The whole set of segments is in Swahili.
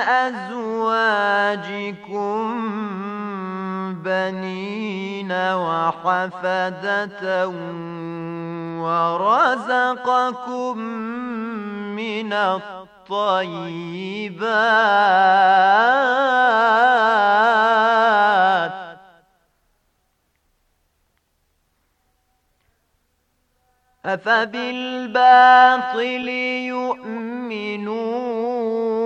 أزواجكم بنين وحفدة ورزقكم من الطيبات أفبالباطل يؤمنون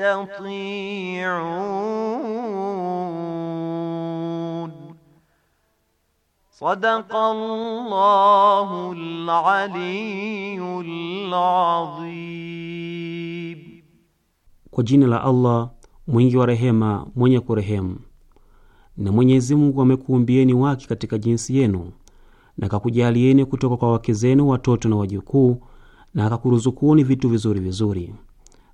yastati'un. Sadaqallahul aliyyul adhim. Kwa jina la Allah mwingi wa rehema, mwenye kurehemu. Na Mwenyezi Mungu amekuumbieni wake katika jinsi yenu na akakujalieni kutoka kwa wake zenu watoto na wajukuu na akakuruzukuni vitu vizuri vizuri.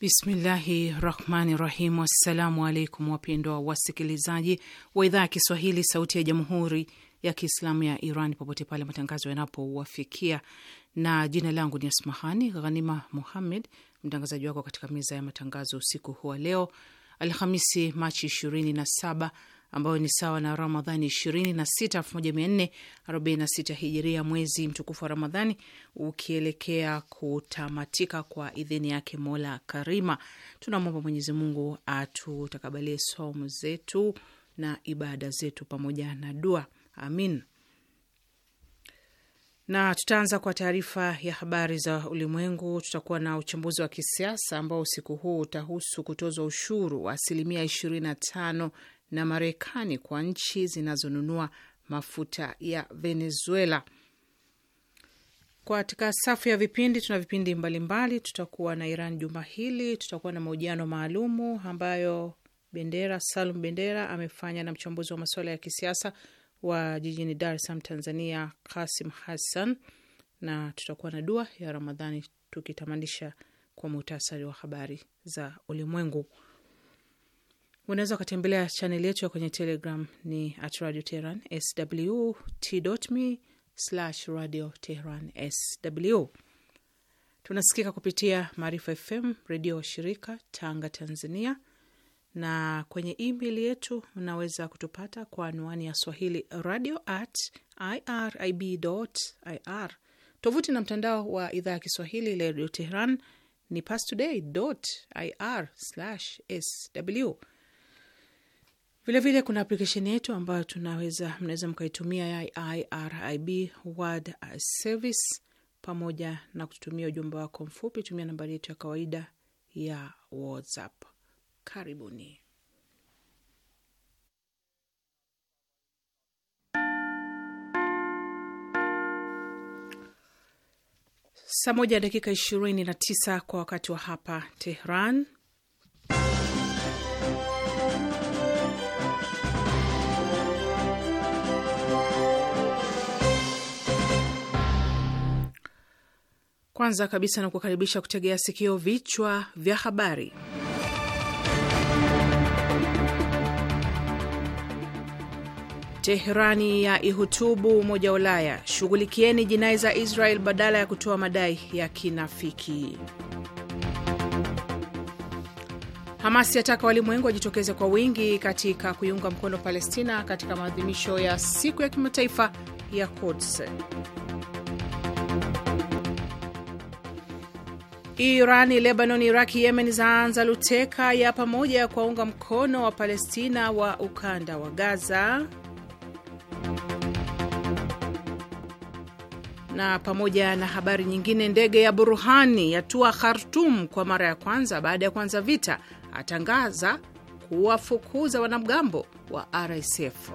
Bismillahi rahmani rahim. Wassalamu alaikum wapendwa wasikilizaji wa idhaa ya Kiswahili sauti ya jamhuri ya Kiislamu ya Iran popote pale matangazo yanapowafikia, na jina langu ni Asmahani Ghanima Muhammed, mtangazaji wako katika meza ya matangazo usiku huwa leo Alhamisi, Machi 27 ambayo ni sawa na Ramadhani 26 1446 hijiria, mwezi mtukufu wa Ramadhani ukielekea kutamatika kwa idhini yake Mola Karima. Tunamwomba Mwenyezi Mungu atutakabalie somu zetu na ibada zetu pamoja na dua, amin. Na tutaanza kwa taarifa ya habari za ulimwengu. Tutakuwa na uchambuzi wa kisiasa ambao usiku huu utahusu kutozwa ushuru wa asilimia ishirini na tano na Marekani kwa nchi zinazonunua mafuta ya Venezuela. Katika safu ya vipindi tuna vipindi mbalimbali. Tutakuwa na Iran juma hili, tutakuwa na mahojiano maalumu ambayo Bendera Salum Bendera amefanya na mchambuzi wa masuala ya kisiasa wa jijini Dar es Salaam, Tanzania, Kasim Hassan, na tutakuwa na dua ya Ramadhani, tukitamanisha kwa muhtasari wa habari za ulimwengu. Unaweza ukatembelea chaneli yetu ya kwenye Telegram ni at radio Tehran sw t.me slash radio Tehran sw. Tunasikika kupitia Maarifa FM redio wa shirika Tanga, Tanzania, na kwenye email yetu unaweza kutupata kwa anwani ya swahili radio at irib ir. Tovuti na mtandao wa idhaa ya Kiswahili la radio Tehran ni pastoday ir sw Vilevile vile kuna aplikesheni yetu ambayo tunaweza mnaweza mkaitumia ya IRIB World Service, pamoja na kututumia ujumbe wako mfupi. Tumia nambari yetu ya kawaida ya WhatsApp. Karibuni. Saa moja dakika ishirini na tisa kwa wakati wa hapa Tehran Kwanza kabisa na kukaribisha kutegea sikio vichwa vya habari. Teherani ya ihutubu Umoja wa Ulaya, shughulikieni jinai za Israel badala ya kutoa madai ya kinafiki. Hamas yataka walimwengu wajitokeze kwa wingi katika kuiunga mkono Palestina katika maadhimisho ya siku ya kimataifa ya Quds. Irani, Lebanon, Iraki, Yemen zaanza luteka ya pamoja ya kuwaunga mkono wa Palestina wa ukanda wa Gaza. Na pamoja na habari nyingine, ndege ya Burhani yatua Khartum kwa mara ya kwanza baada ya kuanza vita, atangaza kuwafukuza wanamgambo wa RSF.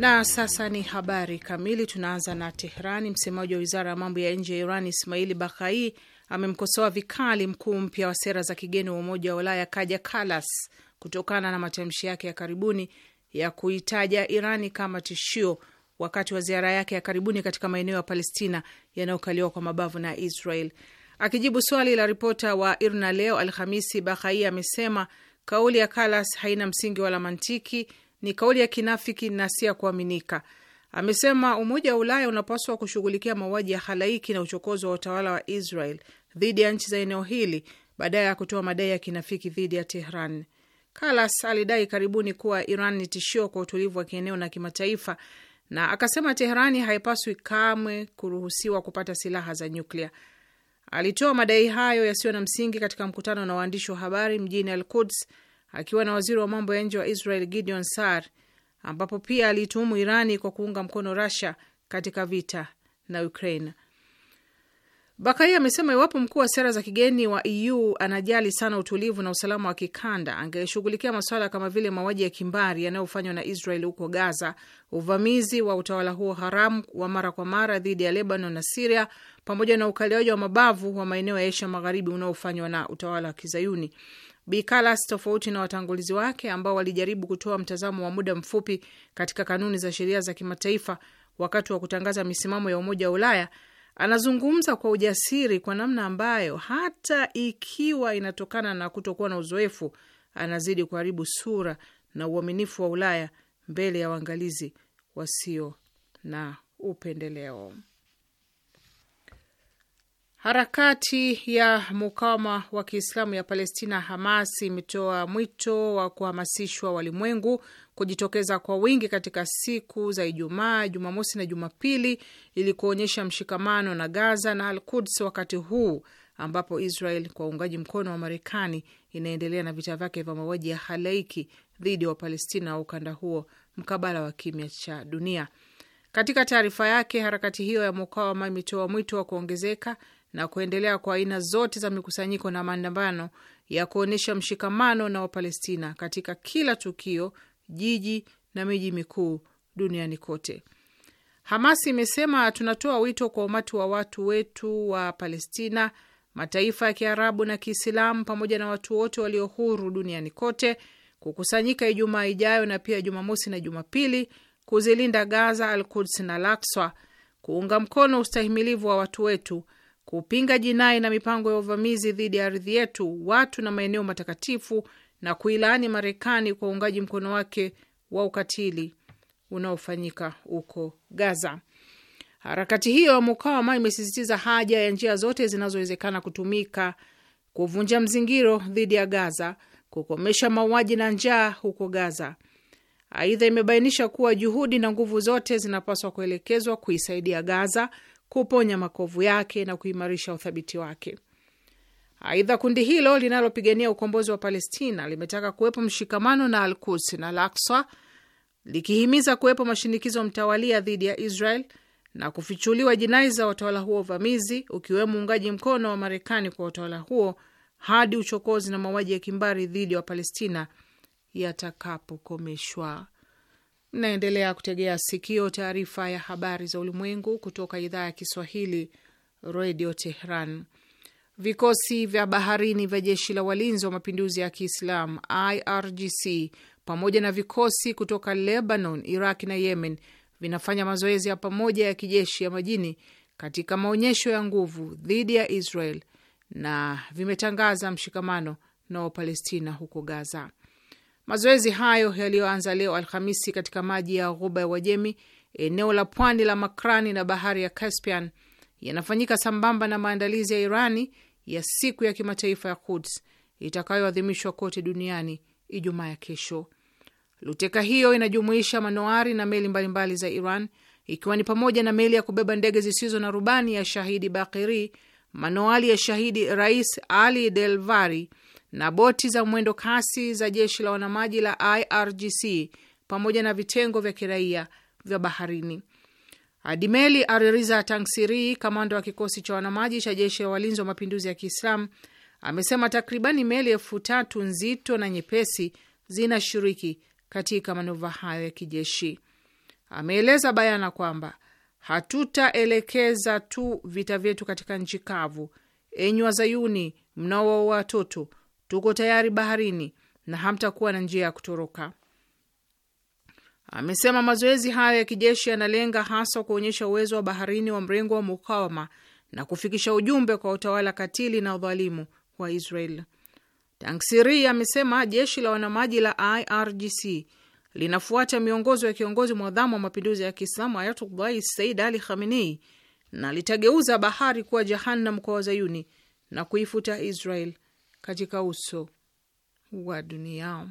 Na sasa ni habari kamili. Tunaanza na Teherani. Msemaji wa wizara ya mambo ya nje ya Iran Ismaili Bakai amemkosoa vikali mkuu mpya wa sera za kigeni wa Umoja wa Ulaya Kaja Kalas kutokana na matamshi yake ya karibuni ya kuitaja Irani kama tishio wakati wa ziara yake ya karibuni katika maeneo ya Palestina yanayokaliwa kwa mabavu na Israel. Akijibu swali la ripota wa IRNA leo Alhamisi, Bakai amesema kauli ya Kalas haina msingi wala mantiki ni kauli ya kinafiki na si ya kuaminika. Amesema Umoja wa Ulaya unapaswa kushughulikia mauaji ya halaiki na uchokozi wa utawala wa Israel dhidi ya nchi za eneo hili badala ya kutoa madai ya kinafiki dhidi ya Tehran. Kalas alidai karibuni kuwa Iran ni tishio kwa utulivu wa kieneo na kimataifa, na akasema Teherani haipaswi kamwe kuruhusiwa kupata silaha za nyuklia. Alitoa madai hayo yasiyo na msingi katika mkutano na waandishi wa habari mjini Al Quds akiwa na waziri wa mambo ya nje wa Israel Gideon Sar, ambapo pia aliituhumu Irani kwa kuunga mkono Russia katika vita na Ukraine. Bakai amesema iwapo mkuu wa sera za kigeni wa EU anajali sana utulivu na usalama wa kikanda, angeshughulikia masuala kama vile mauaji ya kimbari yanayofanywa na Israel huko Gaza, uvamizi wa utawala huo haramu wa mara kwa mara dhidi ya Lebanon na Siria, pamoja na ukaliaji wa mabavu wa maeneo ya Asia Magharibi unaofanywa na utawala wa Kizayuni. Bikalas, tofauti na watangulizi wake ambao walijaribu kutoa mtazamo wa muda mfupi katika kanuni za sheria za kimataifa wakati wa kutangaza misimamo ya Umoja wa Ulaya, anazungumza kwa ujasiri kwa namna ambayo hata ikiwa inatokana na kutokuwa na uzoefu, anazidi kuharibu sura na uaminifu wa Ulaya mbele ya waangalizi wasio na upendeleo. Harakati ya mukawama wa Kiislamu ya Palestina, Hamas, imetoa mwito wa kuhamasishwa walimwengu kujitokeza kwa wingi katika siku za Ijumaa, Jumamosi na Jumapili ili kuonyesha mshikamano na Gaza na al Quds, wakati huu ambapo Israel kwa uungaji mkono wa Marekani inaendelea na vita vyake vya mauaji ya halaiki dhidi ya Wapalestina wa ukanda huo mkabala wa kimya cha dunia. Katika taarifa yake, harakati hiyo ya mukawama imetoa mwito wa kuongezeka na kuendelea kwa aina zote za mikusanyiko na maandamano ya kuonyesha mshikamano na Wapalestina katika kila tukio, jiji na miji mikuu duniani kote. Hamas imesema tunatoa wito kwa umati wa watu wetu wa Palestina, mataifa ya Kiarabu na Kiislamu, pamoja na watu wote walio huru duniani kote kukusanyika Ijumaa ijayo na pia Jumamosi na Jumapili kuzilinda Gaza, Al Quds na Lakswa, kuunga mkono ustahimilivu wa watu wetu kupinga jinai na mipango ya uvamizi dhidi ya ardhi yetu, watu na maeneo matakatifu, na kuilaani Marekani kwa uungaji mkono wake wa ukatili unaofanyika huko Gaza. Harakati hiyo ya mukawama imesisitiza haja ya njia zote zinazowezekana kutumika kuvunja mzingiro dhidi ya Gaza, kukomesha mauaji na njaa huko Gaza. Aidha, imebainisha kuwa juhudi na nguvu zote zinapaswa kuelekezwa kuisaidia Gaza kuponya makovu yake na kuimarisha uthabiti wake. Aidha, kundi hilo linalopigania ukombozi wa Palestina limetaka kuwepo mshikamano na Al Quds na Al-Aqsa, likihimiza kuwepo mashinikizo mtawalia dhidi ya Israel na kufichuliwa jinai za utawala huo uvamizi, ukiwemo uungaji mkono wa Marekani kwa utawala huo hadi uchokozi na mauaji ya kimbari dhidi ya Wapalestina yatakapokomeshwa. Mnaendelea kutegea sikio taarifa ya habari za ulimwengu kutoka idhaa ya Kiswahili, Redio Tehran. Vikosi vya baharini vya jeshi la walinzi wa mapinduzi ya Kiislamu IRGC pamoja na vikosi kutoka Lebanon, Iraq na Yemen vinafanya mazoezi ya pamoja ya kijeshi ya majini katika maonyesho ya nguvu dhidi ya Israel na vimetangaza mshikamano na Wapalestina huko Gaza. Mazoezi hayo yaliyoanza leo Alhamisi katika maji ya ghuba ya Uajemi, eneo la pwani la Makrani na bahari ya Caspian yanafanyika sambamba na maandalizi ya Irani ya siku ya kimataifa ya Quds itakayoadhimishwa kote duniani Ijumaa ya kesho. Luteka hiyo inajumuisha manoari na meli mbalimbali za Iran, ikiwa ni pamoja na meli ya kubeba ndege zisizo na rubani ya Shahidi Bakiri, manoari ya Shahidi Rais Ali Delvari na boti za mwendo kasi za jeshi la wanamaji la IRGC pamoja na vitengo vya kiraia vya baharini. Adimeli Areriza Tangsiri, kamanda wa kikosi cha wanamaji cha jeshi la walinzi wa mapinduzi ya Kiislamu, amesema takribani meli elfu tatu nzito na nyepesi zinashiriki katika manuva hayo ya kijeshi. Ameeleza bayana kwamba hatutaelekeza tu vita vyetu katika nchi kavu. Enyi Wazayuni mnaowaua watoto, tuko tayari baharini na hamtakuwa na njia ya kutoroka. Amesema mazoezi hayo ya kijeshi yanalenga hasa kuonyesha uwezo wa baharini wa mrengo wa mukawama na kufikisha ujumbe kwa utawala katili na udhalimu wa Israel. Tangsiri amesema jeshi la wanamaji la IRGC linafuata miongozo ya kiongozi mwadhamu wa mapinduzi ya Kiislamu Ayatullahi Said Ali Khamenei na litageuza bahari kuwa jahannam kwa Wazayuni na kuifuta Israel katika uso wa dunia.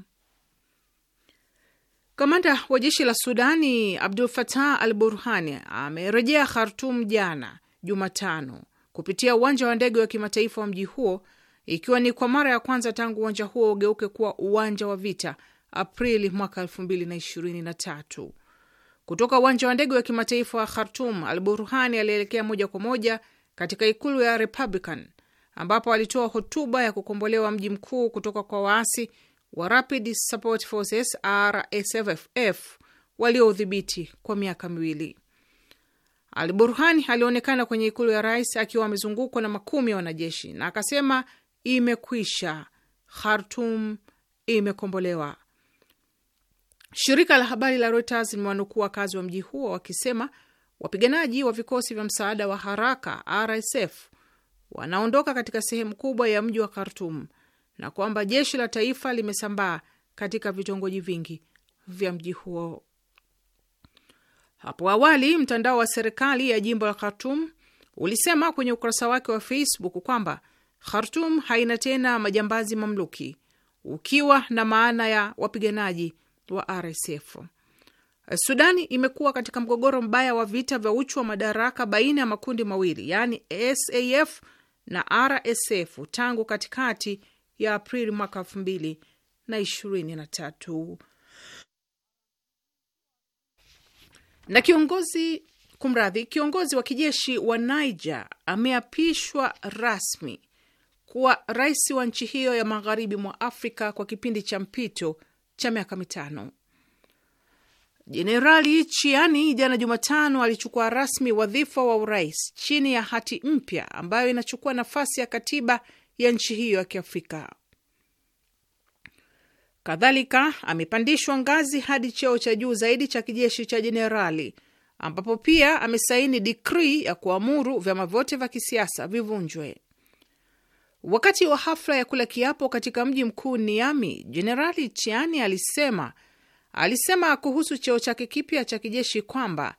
Kamanda wa jeshi la Sudani Abdul Fatah al Burhani amerejea Khartum jana Jumatano kupitia uwanja wa ndege wa kimataifa wa mji huo, ikiwa ni kwa mara ya kwanza tangu uwanja huo ugeuke kuwa uwanja wa vita Aprili mwaka tatu. Kutoka uwanja wa ndege wa kimataifa wa Khartum, al Burhani alielekea moja kwa moja katika ikulu ya Republican ambapo alitoa hotuba ya kukombolewa mji mkuu kutoka kwa waasi wa Rapid Support Forces RSFF walioudhibiti kwa miaka miwili. Al burhan alionekana kwenye ikulu ya rais akiwa amezungukwa na makumi ya wanajeshi na akasema, imekwisha, Khartum imekombolewa. Shirika la habari la Reuters limewanukuu wakazi wa mji huo wakisema wapiganaji wa vikosi vya msaada wa haraka RSF wanaondoka katika sehemu kubwa ya mji wa Khartum na kwamba jeshi la taifa limesambaa katika vitongoji vingi vya mji huo. Hapo awali mtandao wa serikali ya jimbo la Khartum ulisema kwenye ukurasa wake wa Facebook kwamba Khartum haina tena majambazi mamluki, ukiwa na maana ya wapiganaji wa RSF. Sudani imekuwa katika mgogoro mbaya wa vita vya uchu wa madaraka baina ya makundi mawili, yaani SAF na RSF tangu katikati ya Aprili mwaka elfu mbili na ishirini na tatu. Na kiongozi kumradhi, kiongozi wa kijeshi wa Niger ameapishwa rasmi kuwa rais wa nchi hiyo ya magharibi mwa Afrika kwa kipindi cha mpito cha miaka mitano. Jenerali Chiani jana Jumatano alichukua rasmi wadhifa wa urais chini ya hati mpya ambayo inachukua nafasi ya katiba ya nchi hiyo ya Kiafrika. Kadhalika amepandishwa ngazi hadi cheo cha juu zaidi cha kijeshi cha jenerali, ambapo pia amesaini dikri ya kuamuru vyama vyote vya kisiasa vivunjwe. Wakati wa hafla ya kula kiapo katika mji mkuu Niami, Jenerali Chiani alisema alisema kuhusu cheo chake kipya cha kijeshi kwamba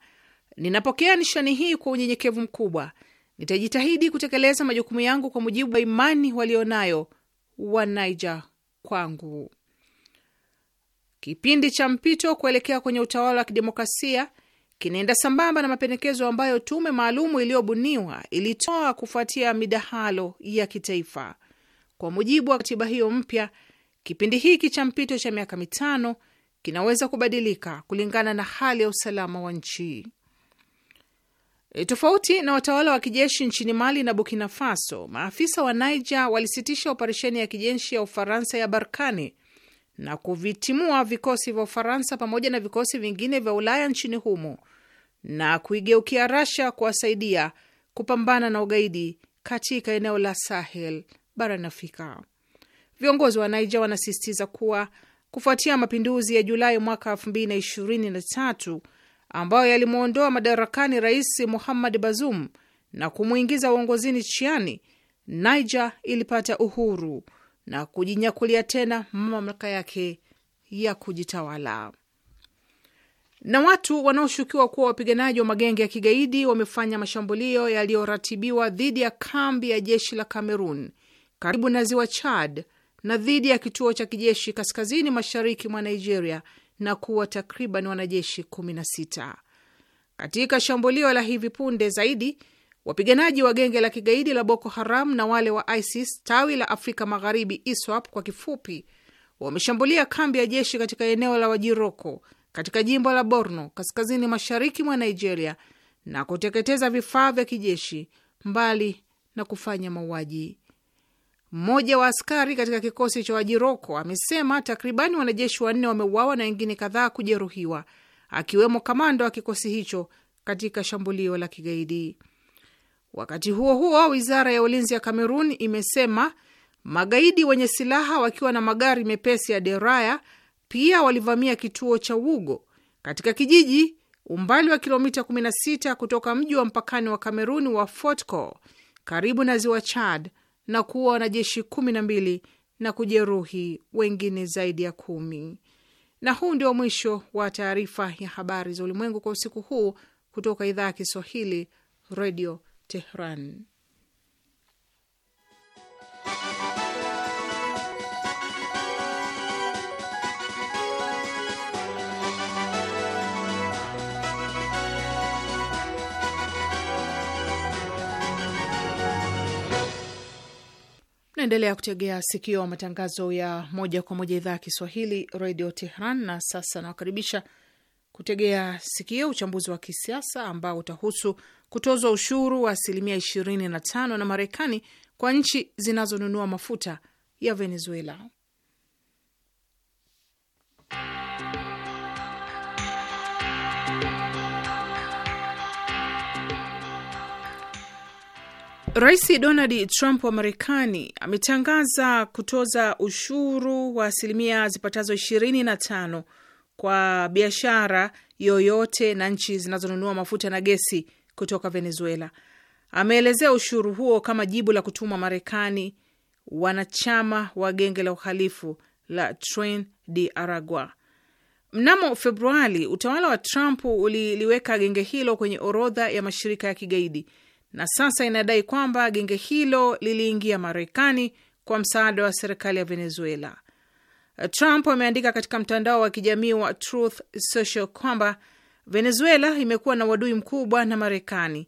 ninapokea nishani hii kwa unyenyekevu mkubwa. Nitajitahidi kutekeleza majukumu yangu kwa mujibu wa imani walionayo wa Niger kwangu. Kipindi cha mpito kuelekea kwenye utawala wa kidemokrasia kinaenda sambamba na mapendekezo ambayo tume maalumu iliyobuniwa ilitoa kufuatia midahalo ya kitaifa. Kwa mujibu wa katiba hiyo mpya, kipindi hiki cha mpito cha miaka mitano kinaweza kubadilika kulingana na hali ya usalama wa nchi. E, tofauti na watawala wa kijeshi nchini Mali na Burkina Faso, maafisa wa Niger walisitisha operesheni ya kijeshi ya Ufaransa ya Barkani na kuvitimua vikosi vya Ufaransa pamoja na vikosi vingine vya Ulaya nchini humo na kuigeukia Rasha kuwasaidia kupambana na ugaidi katika eneo la Sahel barani Afrika. Viongozi wa Niger wanasisitiza kuwa kufuatia mapinduzi ya Julai mwaka 2023 ambayo yalimwondoa madarakani Rais Muhammad Bazoum na kumwingiza uongozini Chiani, Niger ilipata uhuru na kujinyakulia tena mamlaka yake ya kujitawala. Na watu wanaoshukiwa kuwa wapiganaji wa magenge ya kigaidi wamefanya mashambulio yaliyoratibiwa dhidi ya kambi ya jeshi la kamerun karibu na ziwa Chad na dhidi ya kituo cha kijeshi kaskazini mashariki mwa Nigeria na kuwa takriban wanajeshi 16. Katika shambulio la hivi punde zaidi, wapiganaji wa genge la kigaidi la Boko Haram na wale wa ISIS tawi la Afrika Magharibi, ISWAP kwa kifupi, wameshambulia kambi ya jeshi katika eneo la Wajiroko katika jimbo la Borno kaskazini mashariki mwa Nigeria na kuteketeza vifaa vya kijeshi mbali na kufanya mauaji mmoja wa askari katika kikosi cha Wajiroko amesema takribani wanajeshi wanne wameuawa na wengine kadhaa kujeruhiwa, akiwemo kamanda wa kikosi hicho katika shambulio la kigaidi. Wakati huo huo, wizara ya ulinzi ya Kamerun imesema magaidi wenye silaha wakiwa na magari mepesi ya deraya pia walivamia kituo cha Wugo katika kijiji umbali wa kilomita 16 kutoka mji wa mpakani wa Kamerun wa Fort karibu na ziwa Chad na kuwa wanajeshi kumi na mbili na kujeruhi wengine zaidi ya kumi. Na huu ndio mwisho wa taarifa ya habari za ulimwengu kwa usiku huu kutoka idhaa ya Kiswahili, Redio Tehran. Naendelea kutegea sikio matangazo ya moja kwa moja idhaa ya Kiswahili redio Tehran. Na sasa nawakaribisha kutegea sikio uchambuzi wa kisiasa ambao utahusu kutozwa ushuru wa asilimia 25 na Marekani kwa nchi zinazonunua mafuta ya Venezuela. Rais Donald Trump wa Marekani ametangaza kutoza ushuru wa asilimia zipatazo ishirini na tano kwa biashara yoyote na nchi zinazonunua mafuta na gesi kutoka Venezuela. Ameelezea ushuru huo kama jibu la kutumwa Marekani wanachama wa genge la uhalifu la Tren de Aragua. Mnamo Februari, utawala wa Trump uliliweka genge hilo kwenye orodha ya mashirika ya kigaidi na sasa inadai kwamba genge hilo liliingia Marekani kwa msaada wa serikali ya Venezuela. Trump ameandika katika mtandao wa kijamii wa Truth Social kwamba Venezuela imekuwa na uadui mkubwa na Marekani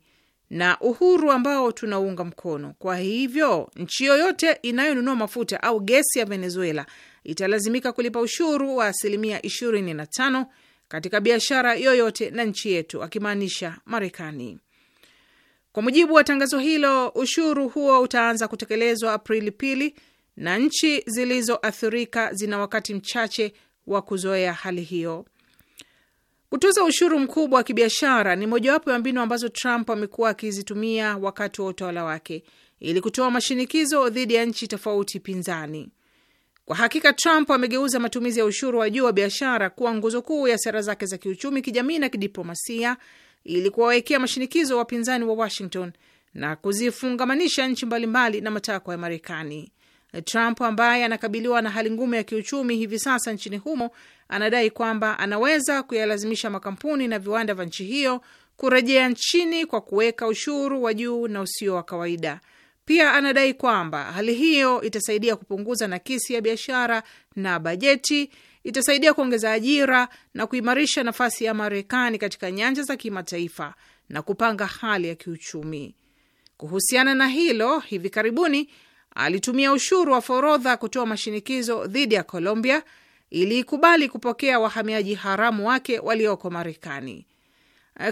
na uhuru ambao tunaunga mkono. Kwa hivyo nchi yoyote inayonunua mafuta au gesi ya Venezuela italazimika kulipa ushuru wa asilimia 25 katika biashara yoyote na nchi yetu, akimaanisha Marekani. Kwa mujibu wa tangazo hilo, ushuru huo utaanza kutekelezwa Aprili pili na nchi zilizoathirika zina wakati mchache wa kuzoea hali hiyo. Kutoza ushuru mkubwa wa kibiashara ni mojawapo ya mbinu ambazo Trump amekuwa akizitumia wakati wa utawala wake ili kutoa mashinikizo dhidi ya nchi tofauti pinzani. Kwa hakika, Trump amegeuza matumizi ya ushuru wa juu wa biashara kuwa nguzo kuu ya sera zake za kiuchumi, kijamii na kidiplomasia ili kuwawekea mashinikizo wapinzani wa Washington na kuzifungamanisha nchi mbalimbali na matakwa ya Marekani. Trump ambaye anakabiliwa na hali ngumu ya kiuchumi hivi sasa nchini humo anadai kwamba anaweza kuyalazimisha makampuni na viwanda vya nchi hiyo kurejea nchini kwa kuweka ushuru wa juu na usio wa kawaida. Pia anadai kwamba hali hiyo itasaidia kupunguza nakisi ya biashara na bajeti itasaidia kuongeza ajira na kuimarisha nafasi ya Marekani katika nyanja za kimataifa na kupanga hali ya kiuchumi. Kuhusiana na hilo, hivi karibuni alitumia ushuru wa forodha kutoa mashinikizo dhidi ya Colombia ili ikubali kupokea wahamiaji haramu wake walioko Marekani.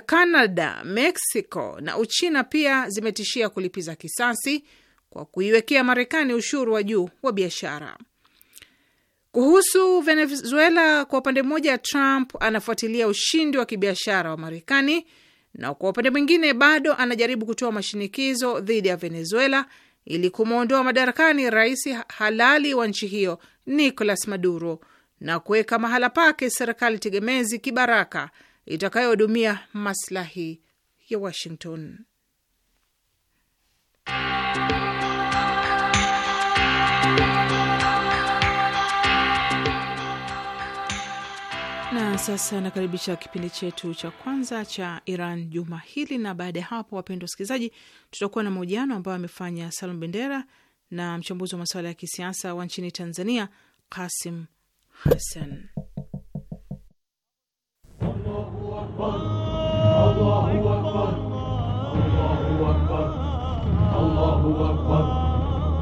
Canada, Mexico na Uchina pia zimetishia kulipiza kisasi kwa kuiwekea Marekani ushuru wa juu wa biashara. Kuhusu Venezuela, kwa upande mmoja Trump anafuatilia ushindi wa kibiashara wa Marekani na kwa upande mwingine bado anajaribu kutoa mashinikizo dhidi ya Venezuela ili kumwondoa madarakani rais halali wa nchi hiyo Nicolas Maduro na kuweka mahala pake serikali tegemezi kibaraka itakayohudumia maslahi ya Washington. sasa nakaribisha kipindi chetu cha kwanza cha Iran juma hili, na baada ya hapo, wapendwa wasikilizaji, tutakuwa na mahojiano ambayo amefanya Salum Bendera na mchambuzi wa masuala ya kisiasa wa nchini Tanzania Kasim Hassan.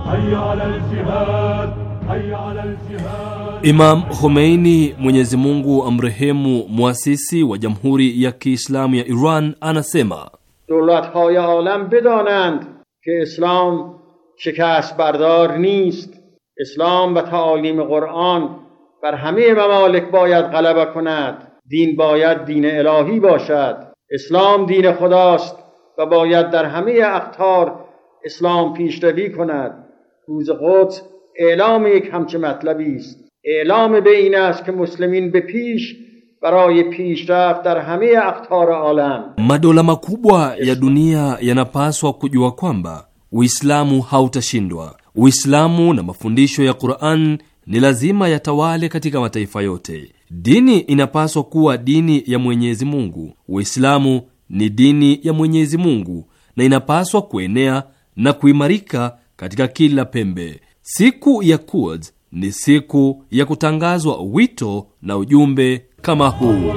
Hayya ala al-jihad, hayya ala al-jihad. امام خمینی منازمونگو امراهمو موسیسی و جمهوری یکی کیشلام یا ایران آن اسیما دولت های عالم بدانند که اسلام شکست بردار نیست اسلام و تعالیم قرآن بر همه ممالک باید غلبه کند دین باید دین الهی باشد اسلام دین خداست و باید در همه اخطار اسلام پیشروی کند روز زقات اعلام یک همچ مطلبی است. اعلام به این است که مسلمین به پیش برای پیشrft در همه اقطار alam. Madola makubwa ya dunia yanapaswa kujua kwamba Uislamu hautashindwa. Uislamu na mafundisho ya Qur'an ni lazima yatawale katika mataifa yote. Dini inapaswa kuwa dini ya Mwenyezi Mungu. Uislamu ni dini ya Mwenyezi Mungu na inapaswa kuenea na kuimarika katika kila pembe. Siku ya Quds ni siku ya kutangazwa wito na ujumbe kama huu.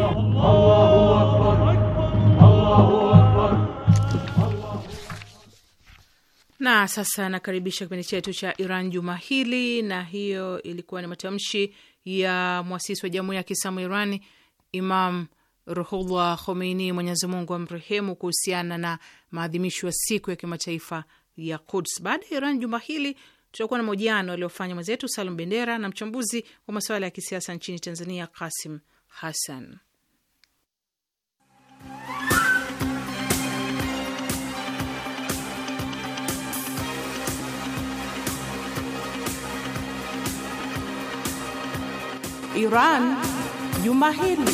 Na sasa nakaribisha kipindi chetu cha Iran juma hili, na hiyo ilikuwa ni matamshi ya mwasisi wa Jamhuri ya Kiislamu Irani, Imam Ruhullah Khomeini, Mwenyezi Mungu amrehemu, kuhusiana na maadhimisho ya siku ya kimataifa ya Quds. Baada ya Iran juma hili tutakuwa na mahojiano aliyofanya mwenzetu Salum Bendera na mchambuzi wa masuala ya kisiasa nchini Tanzania, Kasim Hassan. Iran Juma hili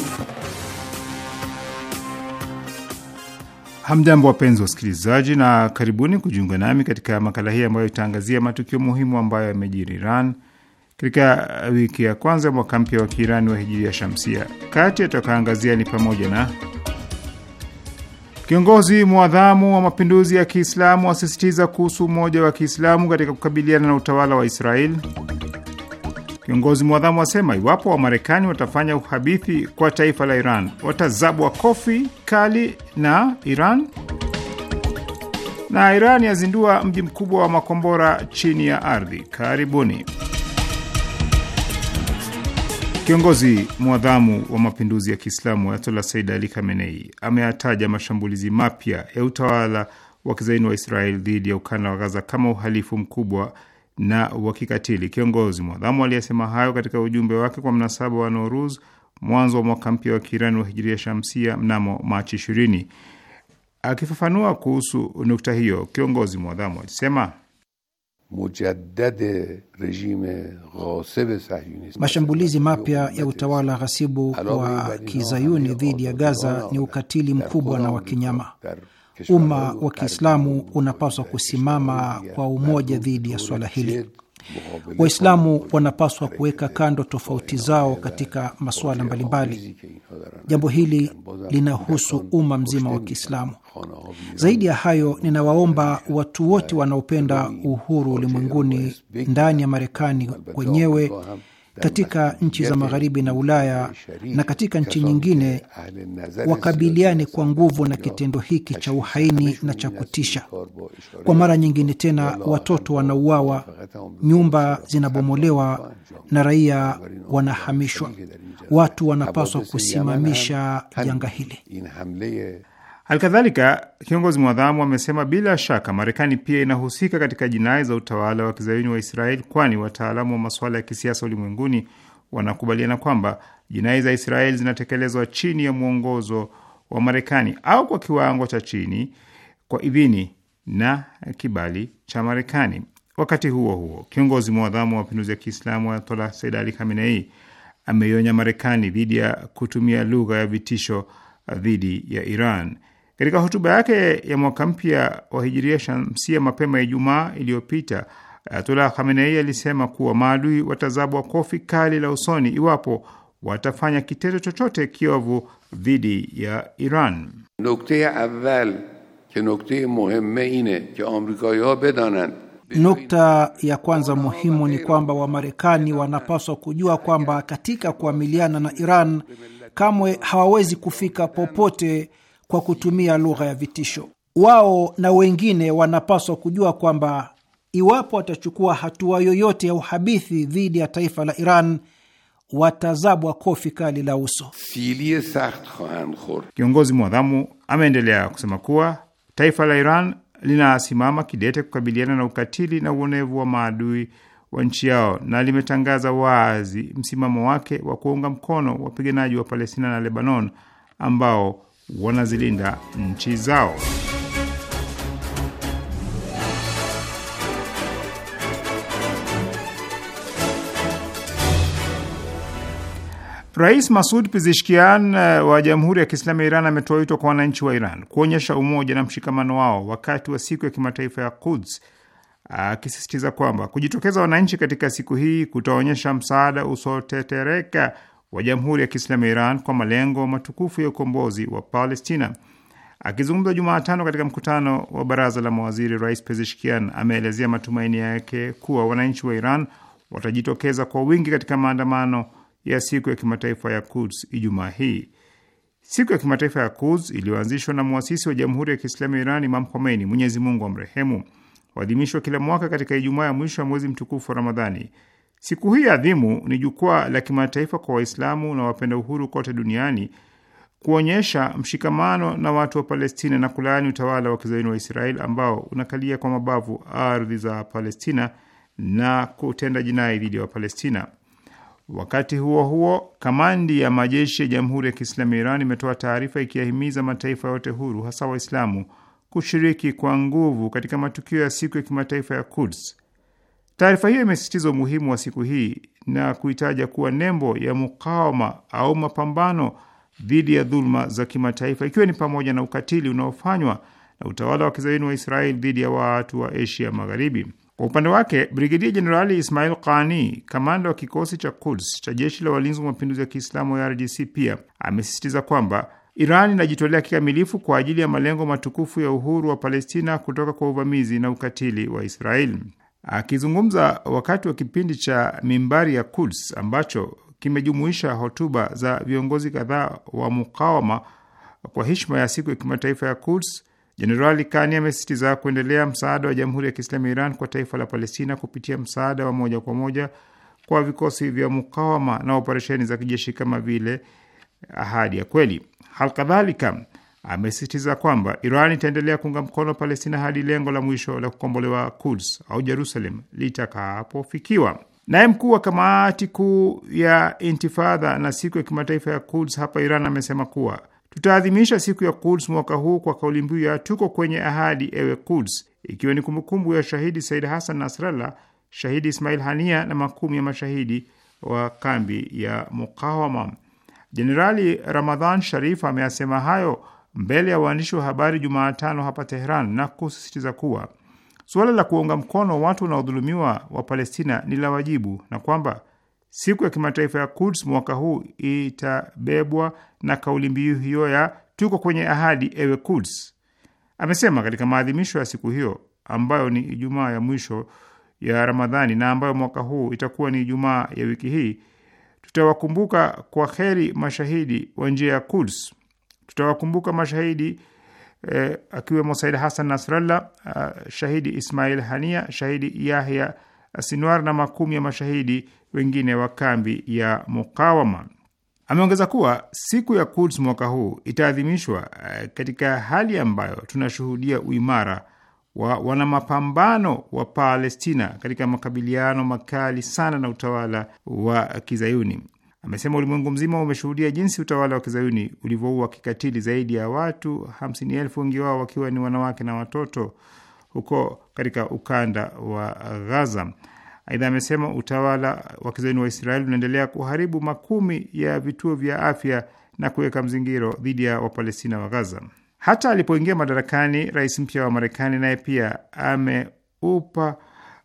Hamjambo, wapenzi wa usikilizaji, na karibuni kujiunga nami katika makala hii ambayo itaangazia matukio muhimu ambayo yamejiri Iran katika wiki ya kwanza mwaka mpya wa Kiirani wa hijiri ya shamsia. Kati yatakaangazia ni pamoja na kiongozi mwadhamu wa mapinduzi ya Kiislamu asisitiza kuhusu umoja wa Kiislamu katika kukabiliana na utawala wa Israeli; Kiongozi mwadhamu asema iwapo Wamarekani watafanya uhabithi kwa taifa la Iran watazabwa kofi kali na Iran. Na Iran yazindua mji mkubwa wa makombora chini ya ardhi. Karibuni. Kiongozi mwadhamu wa mapinduzi ya Kiislamu Ayatollah Said Ali Khamenei ameyataja mashambulizi mapya ya utawala wa kizaini wa Israel dhidi ya ukanda wa Gaza kama uhalifu mkubwa na wa kikatili. Kiongozi mwadhamu aliyesema hayo katika ujumbe wake kwa mnasaba wa Noruz, mwanzo wa mwaka mpya wa Kiirani wa hijiria shamsia mnamo Machi ishirini. Akifafanua kuhusu nukta hiyo, kiongozi mwadhamu alisema mashambulizi mapya ya utawala ghasibu wa kizayuni dhidi ya Gaza ni ukatili mkubwa na wa kinyama umma wa Kiislamu unapaswa kusimama kwa umoja dhidi ya swala hili. Waislamu wanapaswa kuweka kando tofauti zao katika masuala mbalimbali. Jambo hili linahusu umma mzima wa Kiislamu. Zaidi ya hayo, ninawaomba watu wote wanaopenda uhuru ulimwenguni, ndani ya Marekani wenyewe katika nchi za magharibi na Ulaya na katika nchi nyingine wakabiliane kwa nguvu na kitendo hiki cha uhaini na cha kutisha. Kwa mara nyingine tena, watoto wanauawa, nyumba zinabomolewa na raia wanahamishwa. Watu wanapaswa kusimamisha janga hili. Halikadhalika, kiongozi mwadhamu amesema bila shaka Marekani pia inahusika katika jinai za utawala wa kizayuni wa Israeli, kwani wataalamu wa masuala ya kisiasa ulimwenguni wanakubaliana kwamba jinai za Israeli zinatekelezwa chini ya mwongozo wa Marekani au kwa kiwango cha chini kwa idhini na kibali cha Marekani. Wakati huo huo, kiongozi mwadhamu wa mapinduzi ya Kiislamu Ayatollah Said Ali Khamenei ameionya Marekani dhidi ya kutumia lugha ya vitisho dhidi ya Iran. Katika hotuba yake ya mwaka mpya wa hijiria shamsia mapema ya Ijumaa iliyopita, Ayatullah Khamenei alisema kuwa maadui watazabwa kofi kali la usoni iwapo watafanya kitendo chochote kiovu dhidi ya Iran. Nukta ya kwanza muhimu ni kwamba Wamarekani wanapaswa kujua kwamba katika kuamiliana na Iran kamwe hawawezi kufika popote kwa kutumia lugha ya vitisho. Wao na wengine wanapaswa kujua kwamba iwapo watachukua hatua yoyote ya uhabithi dhidi ya taifa la Iran watazabwa kofi kali la uso. Kiongozi mwadhamu ameendelea kusema kuwa taifa la Iran linasimama kidete kukabiliana na ukatili na uonevu wa maadui wa nchi yao na limetangaza wazi msimamo wake wa kuunga mkono wapiganaji wa Palestina na Lebanon ambao wanazilinda nchi zao. Rais Masud Pizishkian eh, wa Jamhuri ya Kiislamu ya Iran ametoa wito kwa wananchi wa Iran kuonyesha umoja na mshikamano wao wakati wa siku ya kimataifa ya Quds, akisisitiza kwamba kujitokeza wananchi katika siku hii kutaonyesha msaada usiotetereka wa Jamhuri ya Kiislamu ya Iran kwa malengo matukufu ya ukombozi wa Palestina. Akizungumza Jumatano katika mkutano wa baraza la mawaziri, Rais Pezeshkian ameelezea matumaini yake kuwa wananchi wa Iran watajitokeza kwa wingi katika maandamano ya siku ya kimataifa ya Quds Ijumaa hii. Siku ya kimataifa ya Quds iliyoanzishwa na mwasisi wa Jamhuri ya Kiislamu ya Iran Imam Khomeini, Mwenyezi Mungu amrehemu, huadhimishwa kila mwaka katika Ijumaa ya mwisho ya mwezi mtukufu wa Ramadhani. Siku hii adhimu ni jukwaa la kimataifa kwa Waislamu na wapenda uhuru kote duniani kuonyesha mshikamano na watu wa Palestina na kulaani utawala wa kizayuni wa Israel ambao unakalia kwa mabavu ardhi za Palestina na kutenda jinai dhidi ya Wapalestina. Wakati huo huo, kamandi ya majeshi ya Jamhuri ya Kiislamu ya Iran imetoa taarifa ikiyahimiza mataifa yote huru, hasa Waislamu, kushiriki kwa nguvu katika matukio ya siku ya kimataifa ya Quds Taarifa hiyo imesisitiza umuhimu wa siku hii na kuitaja kuwa nembo ya mukawama au mapambano dhidi ya dhuluma za kimataifa, ikiwa ni pamoja na ukatili unaofanywa na utawala wa kizayuni wa Israeli dhidi ya watu wa Asia Magharibi. Kwa upande wake, Brigedia Jenerali Ismail Qani, kamanda wa kikosi cha Quds cha jeshi la walinzi wa mapinduzi ya Kiislamu ya RGC, pia amesisitiza kwamba Iran inajitolea kikamilifu kwa ajili ya malengo matukufu ya uhuru wa Palestina kutoka kwa uvamizi na ukatili wa Israeli. Akizungumza wakati wa kipindi cha Mimbari ya Quds ambacho kimejumuisha hotuba za viongozi kadhaa wa mukawama kwa heshima ya siku ya kimataifa ya Quds, Jenerali Kani amesisitiza kuendelea msaada wa Jamhuri ya Kiislamu ya Iran kwa taifa la Palestina kupitia msaada wa moja kwa moja kwa vikosi vya mukawama na operesheni za kijeshi kama vile Ahadi ya Kweli. Halkadhalika, amesisitiza kwamba Iran itaendelea kuunga mkono Palestina hadi lengo la mwisho la kukombolewa Kuds au Jerusalem litakapofikiwa. Naye mkuu wa kamati kuu ya Intifadha na siku ya kimataifa ya Kuds hapa Iran amesema kuwa tutaadhimisha siku ya Kuds mwaka huu kwa kauli mbiu ya tuko kwenye ahadi, ewe Kuds, ikiwa ni kumbukumbu ya shahidi Said Hassan Nasrallah, shahidi Ismail Hania na makumi ya mashahidi wa kambi ya Mukawama. Jenerali Ramadhan Sharif ameyasema hayo mbele ya waandishi wa habari Jumaatano hapa Teheran na kusisitiza kuwa suala la kuunga mkono watu wanaodhulumiwa wa Palestina ni la wajibu na kwamba siku ya kimataifa ya Quds mwaka huu itabebwa na kauli mbiu hiyo ya tuko kwenye ahadi, ewe Quds. Amesema katika maadhimisho ya siku hiyo ambayo ni Ijumaa ya mwisho ya Ramadhani na ambayo mwaka huu itakuwa ni Ijumaa ya wiki hii, tutawakumbuka kwa kheri mashahidi wa njia ya Quds Tutawakumbuka mashahidi eh, akiwemo Said Hassan Nasrallah, uh, shahidi Ismail Hania, shahidi Yahya Sinwar na makumi ya mashahidi wengine wa kambi ya Mukawama. Ameongeza kuwa siku ya Quds mwaka huu itaadhimishwa eh, katika hali ambayo tunashuhudia uimara wa wanamapambano wa Palestina katika makabiliano makali sana na utawala wa Kizayuni. Amesema ulimwengu mzima umeshuhudia jinsi utawala wa kizayuni ulivyoua kikatili zaidi ya watu hamsini elfu, wengi wao wakiwa ni wanawake na watoto huko katika ukanda wa Gaza. Aidha, amesema utawala wa kizayuni wa Israeli unaendelea kuharibu makumi ya vituo vya afya na kuweka mzingiro dhidi ya Wapalestina wa Gaza. Hata alipoingia madarakani, rais mpya wa Marekani naye pia ameupa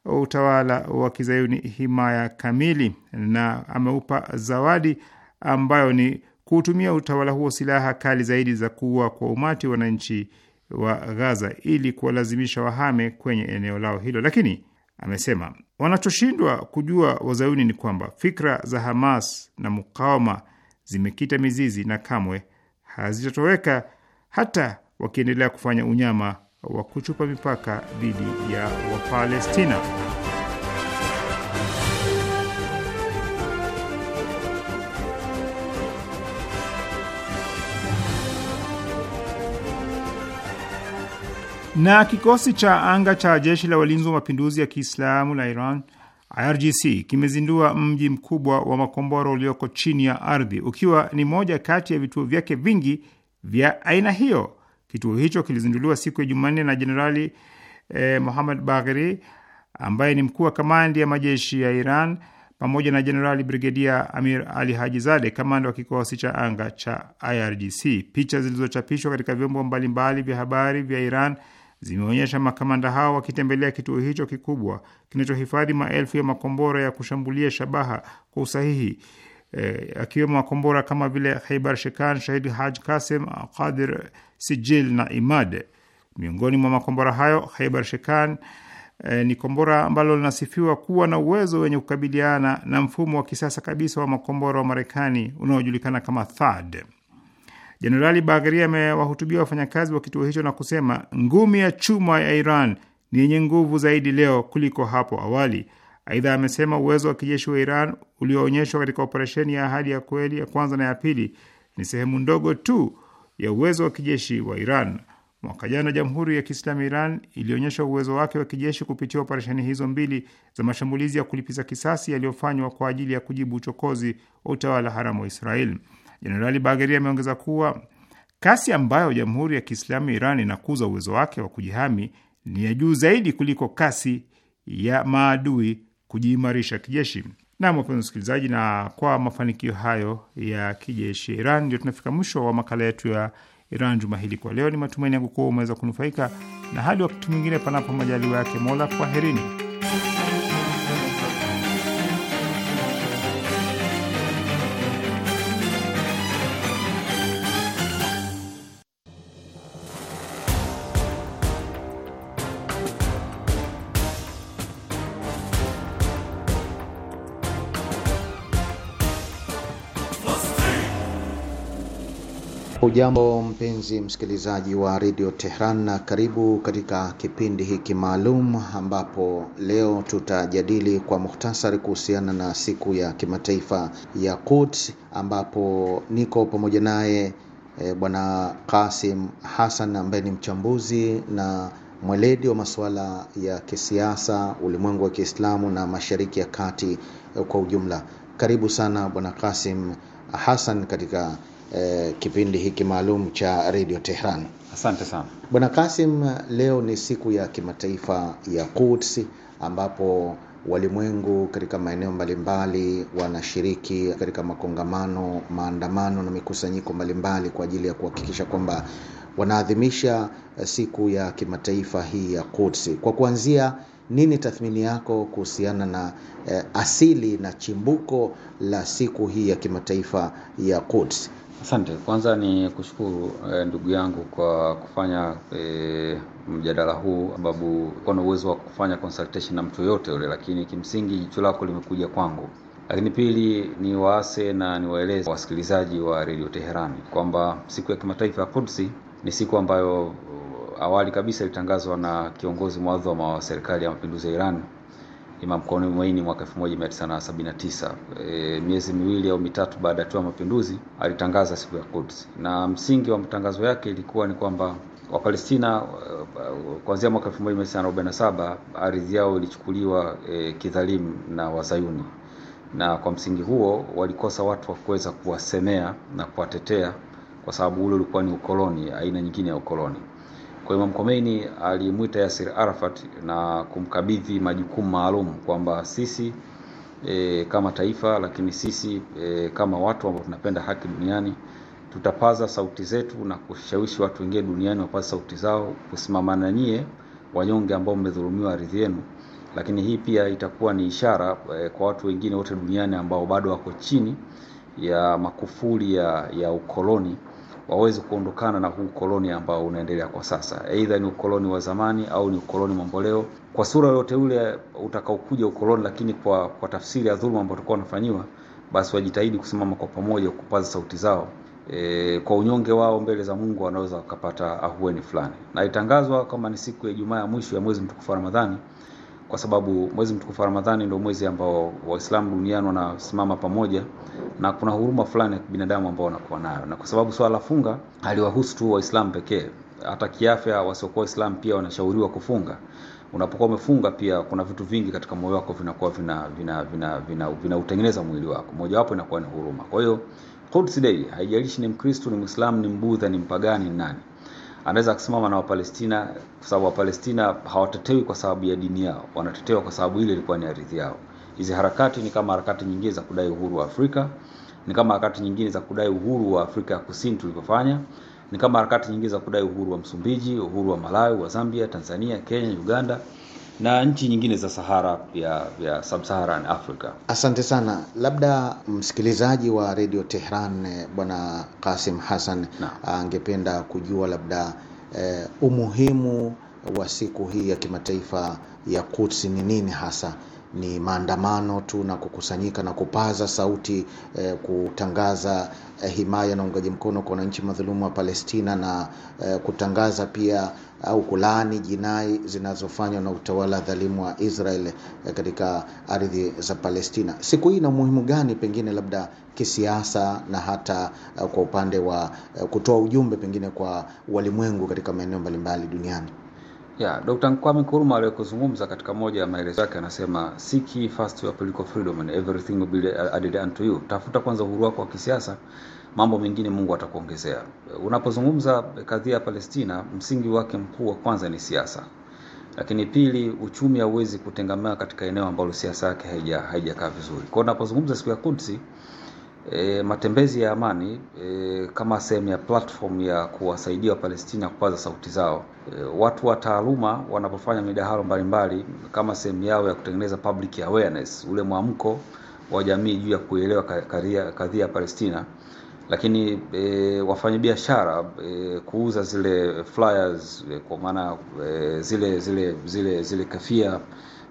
utawala wa kizayuni himaya kamili na ameupa zawadi ambayo ni kuutumia utawala huo silaha kali zaidi za kuua kwa umati wananchi wa Gaza ili kuwalazimisha wahame kwenye eneo lao hilo. Lakini amesema wanachoshindwa kujua wazayuni ni kwamba fikra za Hamas na mukawama zimekita mizizi na kamwe hazitatoweka hata wakiendelea kufanya unyama wa kuchupa mipaka dhidi ya Wapalestina. Na kikosi cha anga cha jeshi la walinzi wa mapinduzi ya Kiislamu la Iran IRGC kimezindua mji mkubwa wa makombora ulioko chini ya ardhi ukiwa ni moja kati ya vituo vyake vingi vya aina hiyo. Kituo hicho kilizinduliwa siku ya Jumanne na Jenerali eh, Mohammad Bagheri ambaye ni mkuu wa kamandi ya majeshi ya Iran pamoja na Jenerali Brigedia Amir Ali Hajizade, kamanda wa kikosi cha anga cha IRGC. Picha zilizochapishwa katika vyombo mbalimbali vya habari vya Iran zimeonyesha makamanda hao wakitembelea kituo hicho kikubwa kinachohifadhi maelfu ya makombora ya kushambulia shabaha kwa usahihi eh, akiwemo makombora kama vile Khaibar Shekan, Shahid Haj Kasim, Qadir Sijil na Imad. Miongoni mwa makombora hayo Khaibar Shekan e, eh, ni kombora ambalo linasifiwa kuwa na uwezo wenye kukabiliana na mfumo wa kisasa kabisa wa makombora wa Marekani unaojulikana kama THAD. Jenerali Bagheri amewahutubia wafanyakazi wa kituo hicho na kusema ngumi ya chuma ya Iran ni yenye nguvu zaidi leo kuliko hapo awali. Aidha amesema uwezo wa kijeshi wa Iran ulioonyeshwa katika operesheni ya Ahadi ya Kweli ya kwanza na ya pili ni sehemu ndogo tu ya uwezo wa kijeshi wa Iran. Mwaka jana Jamhuri ya Kiislamu ya Iran ilionyesha uwezo wake wa kijeshi kupitia operesheni hizo mbili za mashambulizi ya kulipiza kisasi yaliyofanywa kwa ajili ya kujibu uchokozi wa utawala haramu wa Israel. Jenerali Bagheri ameongeza kuwa kasi ambayo Jamhuri ya Kiislamu ya Iran inakuza uwezo wake wa kujihami ni ya juu zaidi kuliko kasi ya maadui kujiimarisha kijeshi. Nam, wapenzi msikilizaji, na kwa mafanikio hayo ya kijeshi ya Iran ndio tunafika mwisho wa makala yetu ya Iran juma hili. Kwa leo, ni matumaini yangu kuwa umeweza kunufaika na hadi wakati mwingine, panapo majaliwa yake Mola. Kwaherini. Hujambo mpenzi msikilizaji wa redio Tehran, na karibu katika kipindi hiki maalum ambapo leo tutajadili kwa muhtasari kuhusiana na siku ya kimataifa ya Quds, ambapo niko pamoja naye e, bwana Kasim Hassan ambaye ni mchambuzi na mweledi wa masuala ya kisiasa, ulimwengu wa Kiislamu na Mashariki ya Kati eh, kwa ujumla. Karibu sana bwana Kasim Hassan katika Eh, kipindi hiki maalum cha redio Tehran. Asante sana bwana Kasim. Leo ni siku ya kimataifa ya Quds ambapo walimwengu katika maeneo mbalimbali wanashiriki katika makongamano, maandamano na mikusanyiko mbalimbali kwa ajili ya kuhakikisha kwamba wanaadhimisha eh, siku ya kimataifa hii ya Quds. Kwa kuanzia, nini tathmini yako kuhusiana na eh, asili na chimbuko la siku hii ya kimataifa ya Quds Asante, kwanza ni kushukuru eh, ndugu yangu kwa kufanya eh, mjadala huu, sababu kuna uwezo wa kufanya consultation na mtu yoyote yule, lakini kimsingi jicho lako limekuja kwangu. Lakini pili ni waase na niwaeleze wasikilizaji wa redio Teherani kwamba siku ya kimataifa ya Kudsi ni siku ambayo eh, awali kabisa ilitangazwa na kiongozi mwadhama wa serikali ya mapinduzi ya Iran Imam Khomeini mwaka 1979 e, miezi miwili au mitatu baada ya mapinduzi alitangaza siku ya Quds, na msingi wa matangazo yake ilikuwa ni kwamba Wapalestina e, kuanzia mwaka 1947 ardhi yao ilichukuliwa e, kidhalimu na Wazayuni, na kwa msingi huo walikosa watu wa kuweza kuwasemea na kuwatetea, kwa sababu ule ulikuwa ni ukoloni, aina nyingine ya ukoloni. Kwa Imam Khomeini alimwita Yasir Arafat na kumkabidhi majukumu maalum kwamba sisi e, kama taifa lakini sisi e, kama watu ambao tunapenda haki duniani tutapaza sauti zetu na kushawishi watu wengine duniani wapaze sauti zao kusimama na nyie wanyonge ambao mmedhulumiwa ardhi yenu, lakini hii pia itakuwa ni ishara e, kwa watu wengine wote duniani ambao bado wako chini ya makufuri ya, ya ukoloni waweze kuondokana na huu ukoloni ambao unaendelea kwa sasa, aidha ni ukoloni wa zamani au ni ukoloni mamboleo, kwa sura yoyote ule utakaokuja ukoloni, lakini kwa, kwa tafsiri ya dhuluma ambayo tulikuwa wanafanyiwa, basi wajitahidi kusimama kwa pamoja kupaza sauti zao. E, kwa unyonge wao mbele za Mungu wanaweza wakapata ahueni fulani. Na itangazwa kama ni siku ya Ijumaa ya mwisho ya mwezi mtukufu wa Ramadhani kwa sababu mwezi mtukufu wa Ramadhani ndio mwezi ambao Waislamu duniani wanasimama pamoja na kuna huruma fulani ya binadamu ambao wanakuwa nayo, na kwa sababu swala la funga haliwahusu tu Waislamu pekee, hata kiafya wasiokuwa Waislamu pia wanashauriwa kufunga. Unapokuwa umefunga pia kuna vitu vingi katika moyo wako vinakuwa vinautengeneza vina, vina, vina, vina mwili wako, mojawapo inakuwa ni huruma. Kwa hiyo Quds Day haijalishi ni Mkristo, ni Muislamu, ni Mbudha, ni mpagani, ni nani anaweza kusimama na Wapalestina kwa sababu Wapalestina hawatetewi kwa sababu ya dini yao, wanatetewa kwa sababu ile ilikuwa ni ardhi yao. Hizi harakati ni kama harakati nyingine za kudai uhuru wa Afrika, ni kama harakati nyingine za kudai uhuru wa Afrika ya Kusini tulivyofanya, ni kama harakati nyingine za kudai uhuru wa Msumbiji, uhuru wa Malawi, wa Zambia, Tanzania, Kenya, Uganda na nchi nyingine za Sahara ya, ya Sub-Saharan Africa. Asante sana. Labda msikilizaji wa Radio Tehran eh, Bwana Kasim Hassan angependa kujua labda eh, umuhimu wa siku hii ya kimataifa ya kutsi ni nini hasa? Ni maandamano tu na kukusanyika na kupaza sauti eh, kutangaza eh, himaya na ungaji mkono kwa wananchi madhulumu wa Palestina na eh, kutangaza pia au kulaani jinai zinazofanywa na utawala dhalimu wa Israel eh, katika ardhi za Palestina. Siku hii ina umuhimu gani, pengine labda kisiasa na hata eh, kwa upande wa eh, kutoa ujumbe pengine kwa walimwengu katika maeneo mbalimbali duniani? Ya, Dr. Kwame Nkrumah aliyokuzungumza katika moja ya maelezo yake anasema seek first your political freedom and everything will be added unto you. Tafuta kwanza uhuru wako wa kisiasa mambo mengine Mungu atakuongezea. Unapozungumza kadhia ya Palestina, msingi wake mkuu wa kwanza ni siasa, lakini pili, uchumi hauwezi kutengamaa katika eneo ambalo siasa yake haijakaa vizuri. Kwa hiyo unapozungumza siku ya Kudsi E, matembezi ya amani e, kama sehemu ya platform ya kuwasaidia Wapalestina kupaza sauti zao e, watu wa taaluma wanapofanya midahalo mbalimbali kama sehemu yao ya kutengeneza public awareness, ule mwamko wa jamii juu ya kuelewa kadhia ya Palestina lakini e, wafanyabiashara e, kuuza zile flyers e, kwa maana e, zile zile zile zile kafia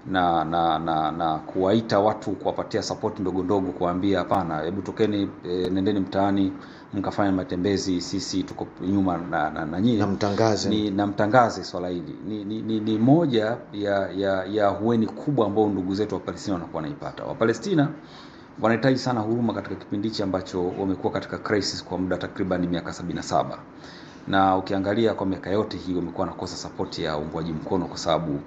na na na, na kuwaita watu kuwapatia support ndogo ndogo, kuwaambia hapana, hebu tokeni e, nendeni mtaani mkafanya matembezi, sisi tuko nyuma na, na, na na mtangaze ni mtangaze swala hili ni, ni, ni, ni moja ya ya, ya hueni kubwa ambao ndugu zetu wa Palestina wanakuwa wanaipata Wapalestina wanahitaji sana huruma katika kipindi hichi ambacho wamekuwa katika crisis kwa muda takriban miaka 77 na ukiangalia kwa miaka yote hii wamekuwa nakosa sapoti ya uungwaji mkono kwa sababu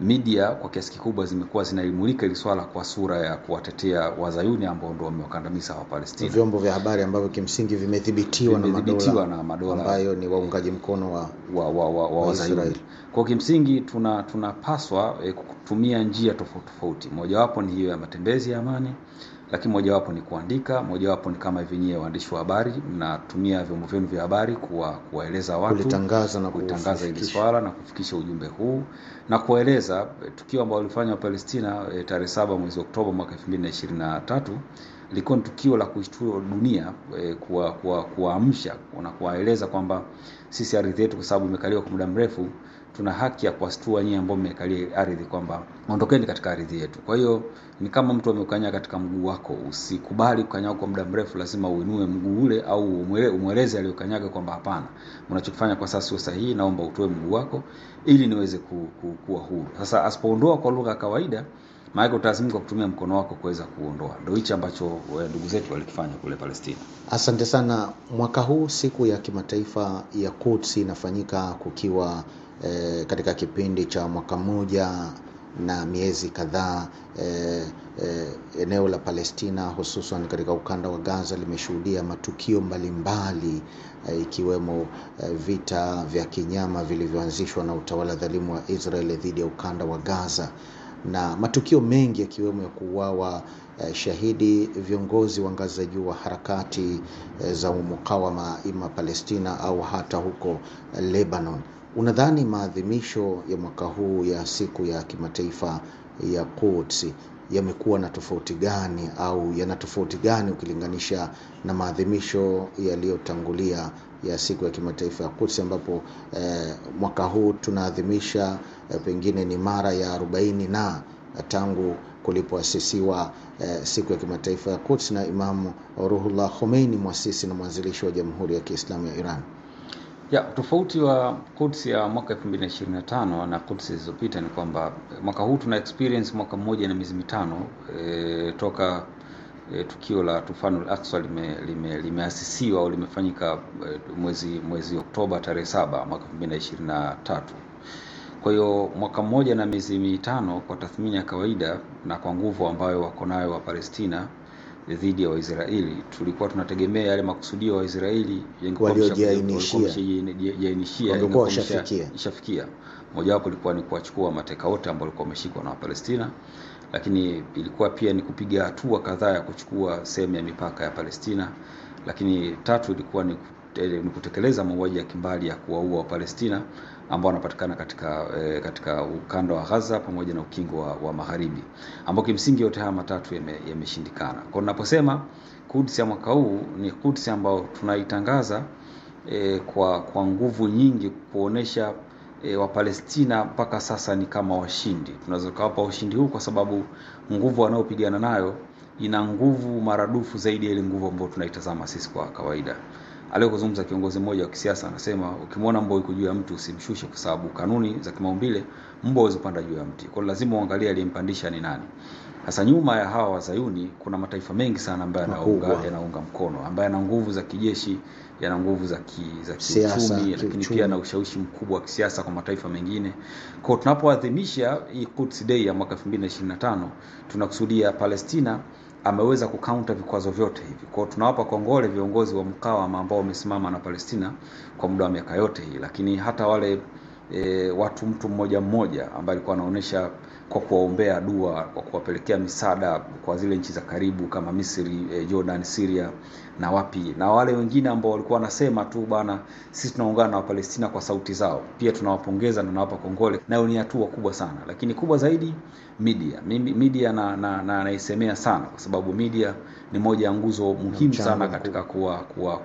media kwa kiasi kikubwa zimekuwa zinaimulika ili swala kwa sura ya kuwatetea wazayuni ambao ndio wamewakandamiza wa Palestina. Vyombo vya habari ambavyo kimsingi vimethibitiwa na madola, na madola ambayo ni waungaji mkono wa wa, wa, wa, wa Israeli. Kwa kimsingi tuna tunapaswa eh, kutumia njia tofauti tofauti, mojawapo ni hiyo ya matembezi ya amani lakini mojawapo ni kuandika, mojawapo ni kama hivi nyie waandishi wa habari mnatumia vyombo vyenu vya habari kuwa, kuwaeleza watu, kulitangaza na kulitangaza hili swala na kufikisha ujumbe huu na kuwaeleza eh, tukio ambalo lilifanywa Palestina e, tarehe saba mwezi Oktoba mwaka 2023 likuwa ni tukio la kuishtua dunia e, kuwaamsha kuwa, na kuwaeleza kwamba sisi ardhi yetu, kwa sababu imekaliwa kwa muda mrefu, tuna haki ya kuwashtua nyie ambao mmekalia ardhi kwamba ondokeni katika ardhi yetu. Kwa hiyo ni kama mtu ameukanya katika mguu wako, usikubali kukanyaga kwa muda mrefu. Lazima uinue mguu ule au umweleze aliyokanyaga kwamba hapana, unachokifanya kwa sasa sio sahihi, naomba utoe mguu wako ili niweze ku, ku, kuwa huru. Sasa asipoondoa kwa lugha ya kawaida, maana utalazimika kutumia mkono wako kuweza kuondoa. Ndio hichi ambacho eh, ndugu zetu walikifanya kule Palestina. Asante sana. Mwaka huu siku ya kimataifa ya Quds inafanyika kukiwa eh, katika kipindi cha mwaka mmoja na miezi kadhaa e, e, eneo la Palestina hususan katika ukanda wa Gaza limeshuhudia matukio mbalimbali e, ikiwemo e, vita vya kinyama vilivyoanzishwa na utawala dhalimu wa Israeli dhidi ya ukanda wa Gaza na matukio mengi yakiwemo ya kuuawa e, shahidi viongozi wa ngazi za juu wa harakati e, za mukawama ima Palestina au hata huko Lebanon. Unadhani maadhimisho ya mwaka huu ya siku ya kimataifa ya Quds yamekuwa na tofauti gani au yana tofauti gani ukilinganisha na maadhimisho yaliyotangulia ya siku ya kimataifa ya Quds ambapo eh, mwaka huu tunaadhimisha eh, pengine ni mara ya 40 na tangu kulipoasisiwa eh, siku ya kimataifa ya Quds na Imamu Ruhullah Khomeini, mwasisi na mwanzilishi wa Jamhuri ya Kiislamu ya Iran. Ya, tofauti wa kuts ya mwaka 2025 na Kudsi zilizopita ni kwamba eh, mwaka huu tuna experience mwaka mmoja na miezi mitano e, toka e, tukio la tufanul Aqsa limeasisiwa lime, au limefanyika e, mwezi mwezi Oktoba tarehe saba mwaka 2023. Kwa hiyo mwaka mmoja na miezi mitano kwa tathmini ya kawaida na kwa nguvu ambayo wako nayo wa Palestina dhidi ya Waisraeli. Tulikuwa tunategemea yale makusudio ya Waisraeli moja Mojawapo ilikuwa ni kuwachukua mateka wote ambao walikuwa wameshikwa na Wapalestina, lakini ilikuwa pia ni kupiga hatua kadhaa ya kuchukua sehemu ya mipaka ya Palestina, lakini tatu ilikuwa ni kutekeleza mauaji ya kimbali ya kuwaua Wapalestina ambao wanapatikana katika e, katika ukanda wa Gaza pamoja na ukingo wa, wa magharibi ambao kimsingi yote haya matatu yameshindikana. Yame kwa ninaposema Quds ya mwaka huu ni Quds ambayo tunaitangaza e, kwa kwa nguvu nyingi kuonesha e, Wapalestina mpaka sasa ni kama washindi. Tunaweza kuwapa ushindi huu kwa sababu nguvu wanaopigana nayo ina nguvu maradufu zaidi ya ile nguvu ambayo tunaitazama sisi kwa kawaida aliyozungumza kiongozi mmoja wa kisiasa anasema, ukimwona mbwa yuko juu ya mtu usimshushe, kwa sababu kanuni za kimaumbile mbwa hawezi kupanda juu ya mti. Kwa hiyo lazima uangalie aliyempandisha ni nani. Sasa nyuma ya hawa wazayuni kuna mataifa mengi sana ambayo yanaunga yanaunga mkono, ambayo yana nguvu za kijeshi, yana nguvu za ki, za kiuchumi, lakini pia na ushawishi mkubwa wa kisiasa kwa mataifa mengine. Kwa tunapoadhimisha Quds Day ya mwaka 2025 tunakusudia Palestina ameweza kukaunta vikwazo vyote hivi. Kwao tunawapa kongole viongozi wa Mkawama ambao wamesimama na Palestina kwa muda wa miaka yote hii, lakini hata wale e, watu mtu mmoja mmoja ambaye alikuwa anaonyesha kwa kuwaombea dua, kwa kuwapelekea misaada kwa zile nchi za karibu kama Misri, e, Jordan, Syria na wapi. Na wale wengine ambao walikuwa wanasema tu bana, sisi tunaungana na Wapalestina kwa sauti zao, pia tunawapongeza na nawapa kongole, nayo ni hatua kubwa sana. Lakini kubwa zaidi media, media na na naisemea na sana, kwa sababu media ni moja ya nguzo muhimu sana katika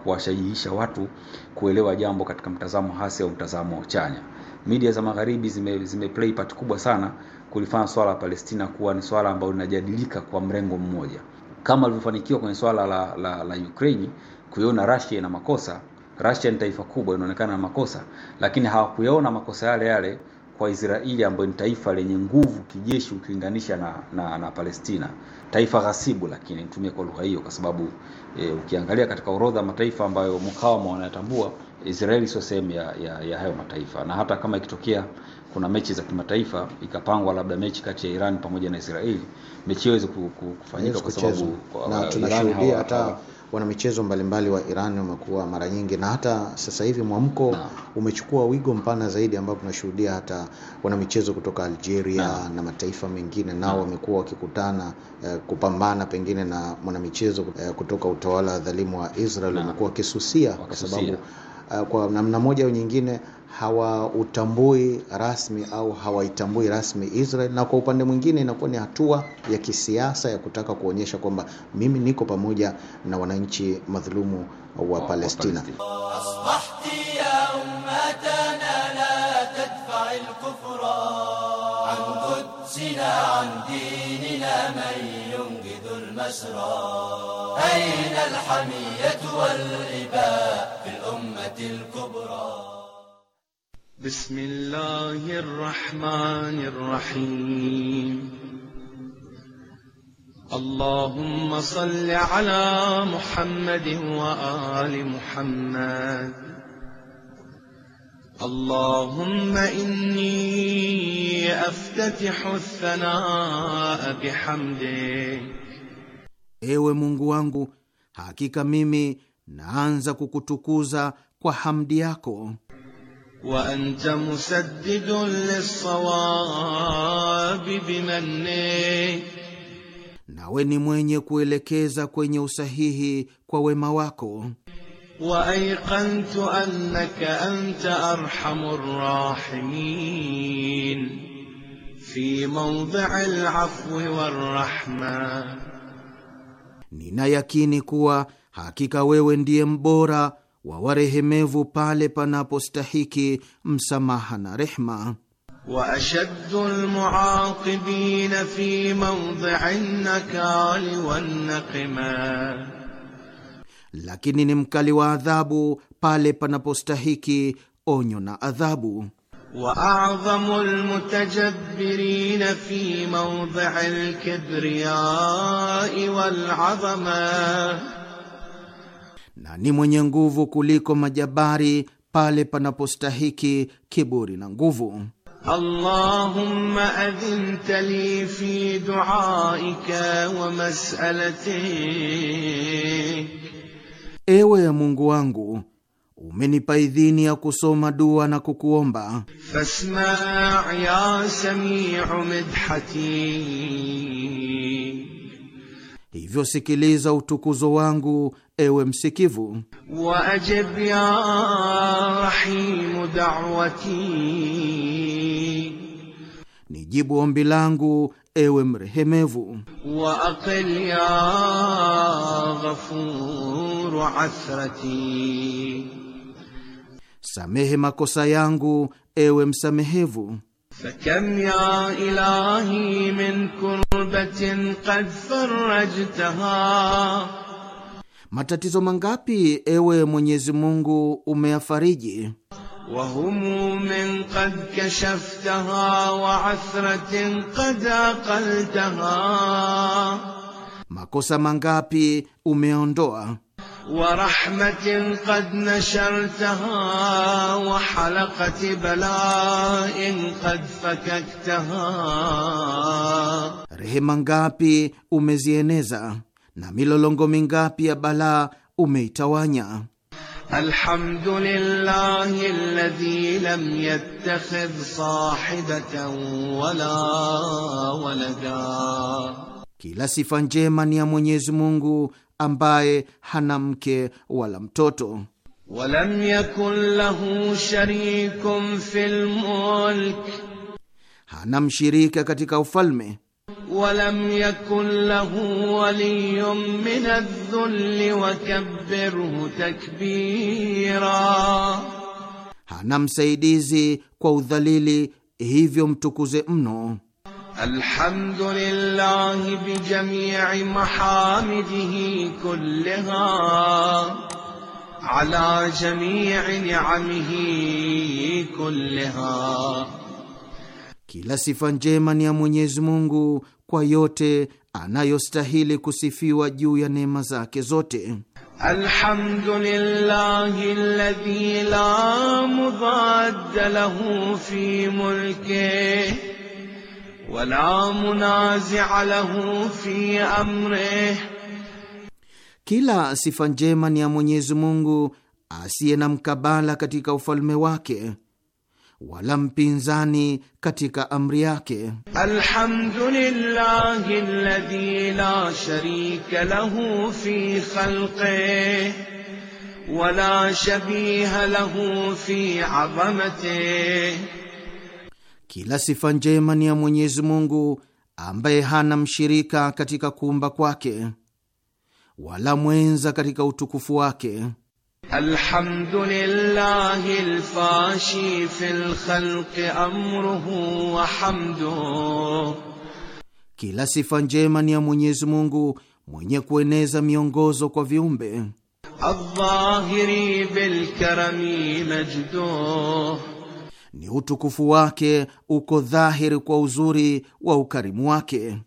kuwashajihisha kuwa, kuwa watu kuelewa jambo katika mtazamo hasi au mtazamo chanya. Media za magharibi zime, zime play part kubwa sana kulifanya swala la Palestina kuwa ni swala ambalo linajadilika kwa mrengo mmoja kama alivyofanikiwa kwenye swala la, la, la Ukraine kuiona Russia ina makosa. Russia ni taifa kubwa, inaonekana na makosa, lakini hawakuyaona makosa yale yale kwa Israeli ambayo ni taifa lenye nguvu kijeshi ukilinganisha na, na, na Palestina, taifa ghasibu, lakini nitumie kwa lugha hiyo, kwa sababu e, ukiangalia katika orodha mataifa ambayo mukawama wanayatambua Israeli sio sehemu ya, ya, ya hayo mataifa, na hata kama ikitokea kuna mechi za kimataifa ikapangwa labda mechi kati ya Iran pamoja na Israeli, mechi hiyo iweze kufanyika kwa sababu na tunashuhudia hata wanamichezo mbalimbali wa Iran wamekuwa mara nyingi, na hata sasa hivi mwamko umechukua wigo mpana zaidi, ambapo tunashuhudia hata wanamichezo kutoka Algeria na, na mataifa mengine nao wamekuwa wakikutana eh, kupambana pengine na mwanamichezo eh, kutoka utawala dhalimu wa Israel, wamekuwa wakisusia kwa sababu Eh, kwa namna moja au nyingine hawautambui rasmi au hawaitambui rasmi Israel, na kwa upande mwingine inakuwa ni hatua ya kisiasa ya kutaka kuonyesha kwamba mimi niko pamoja na wananchi madhulumu wa Palestina. الكبرى بسم الله الرحمن الرحيم اللهم صل على محمد وآل محمد اللهم إني أفتتح الثناء بحمدك Ewe مungu wangu, hakika mimi naanza kukutukuza kwa hamdi yako. Wa anta musaddidun lissawabi bimanni, nawe ni mwenye kuelekeza kwenye usahihi kwa wema wako. Wa aiqantu annaka anta arhamur rahimin fi mawdi'il afwi warrahma, nina yakini kuwa hakika wewe ndiye mbora wa warehemevu pale panapostahiki msamaha na rehma. وأشد المعاقبين في موضع النكال والنقما, lakini ni mkali wa adhabu pale panapostahiki onyo na adhabu. وأعظم المتجبرين في موضع الكبرياء والعظمة na ni mwenye nguvu kuliko majabari pale panapostahiki kiburi na nguvu. Allahumma adhinta li fi duaika wa mas'alati, ewe ya Mungu wangu umenipa idhini ya kusoma dua na kukuomba. Fasma ya samiu midhati hivyo sikiliza utukuzo wangu, ewe msikivu. Waajib ya rahimu dawati, nijibu ombi langu, ewe mrehemevu. Waaqil ya ghafuru asrati, samehe makosa yangu, ewe msamehevu. فكم يا إلهي من كربة قد فرجتها Matatizo mangapi ewe Mwenyezi Mungu umeyafariji, wahumumin qad kashaftaha wa athratin qad aqaltaha, makosa mangapi umeondoa ورحمة قد نشرتها وحلقة بلاء قد فككتها Rehema ngapi umezieneza na milolongo mingapi ya balaa umeitawanya. Alhamdulillahi alladhi lam yattakhidh sahibatan wala walada, kila sifa njema ni ya Mwenyezi Mungu ambaye hana mke wala mtoto. walam yakun lahu sharikun fil mulk, hana mshirika katika ufalme. walam yakun lahu min adh-dhulli takbira, hana msaidizi kwa udhalili, hivyo mtukuze mno. الحمد لله بجميع محامده كلها على جميع نعمه كلها كلا sifa njema يا ya Mwenyezi kwa yote anayostahili kusifiwa juu ya neema zake zote. Alhamdulillahi alladhi la mudadda lahu fi mulkihi ولا منازع له في امره kila sifa njema ni ya Mwenyezi Mungu asiye na mkabala katika ufalme wake wala mpinzani katika amri yake. Alhamdulillahi alladhi la sharika lahu fi khalqi wala shabiha lahu fi azamati kila sifa njema ni ya Mwenyezi Mungu ambaye hana mshirika katika kuumba kwake wala mwenza katika utukufu wake. fil khalqi amruhu wa kila sifa njema ni ya Mwenyezi Mungu mwenye kueneza miongozo kwa viumbe. majduh ni utukufu wake uko dhahiri kwa uzuri wa ukarimu wake.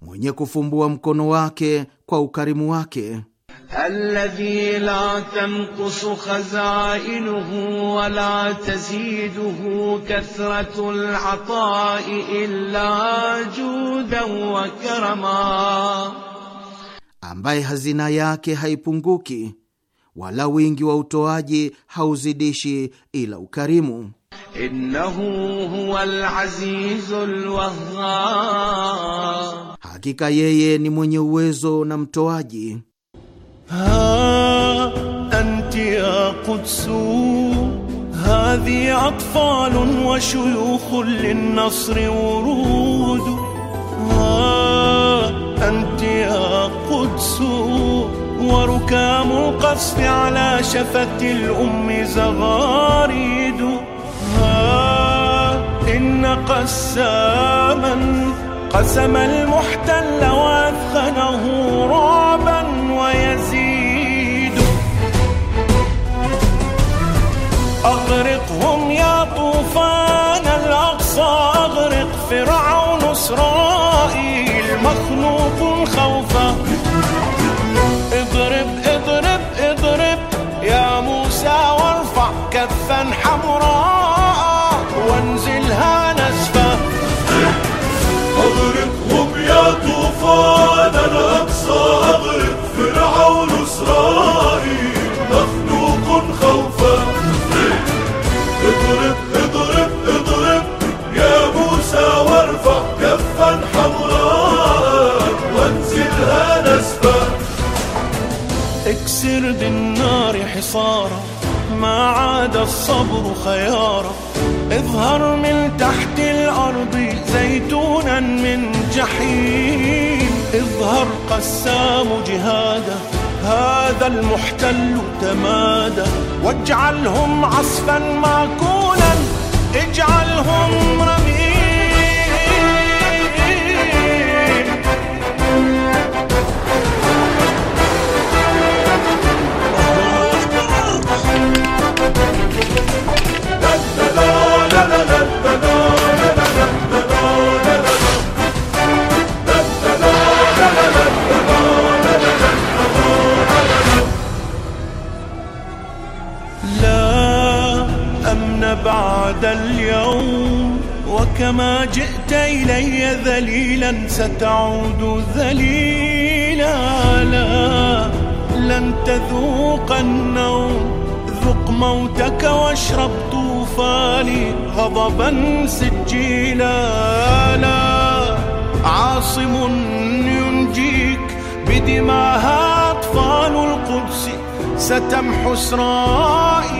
Mwenye kufumbua mkono wake kwa ukarimu wake. Alladhi la tanqusu khazainuhu wa la taziduhu kathratul illa judan wa karama ambaye hazina yake haipunguki wala wingi wa utoaji hauzidishi ila ukarimu. Innahu wahhab, hakika yeye ni mwenye uwezo na mtoaji. Ha, anti ya hadhi atfalun wa shuyukhun linnasri wurudu ha, أنت يا قدس وركام القصف على شفة الأم زغاريد ها إن قساما قسم المحتل وأثخنه رعبا ويزيد أغرقهم يا طوفان الأقصى أغرق فرعون نصران مخلوق خوفه اضرب اضرب اضرب يا موسى وارفع كفا حمراء وانزلها نزفة اضرب وبيا طوفان الاقصى اضرب فرعون اسرائيل مخلوق خوفا اضرب اضرب اضرب يا موسى وارفع كفا حمراء اكسر بالنار حصاره ما عاد الصبر خياره اظهر من تحت الأرض زيتونا من جحيم اظهر قسام جهاده هذا المحتل تمادى واجعلهم عصفا معكولا اجعلهم رمي بعد اليوم وكما جئت إلي ذليلا ستعود ذليلا لا لن تذوق النوم ذق موتك واشرب طوفاني غضبا سجيلا لا عاصم ينجيك بدماها أطفال القدس ستمحو إسرائيل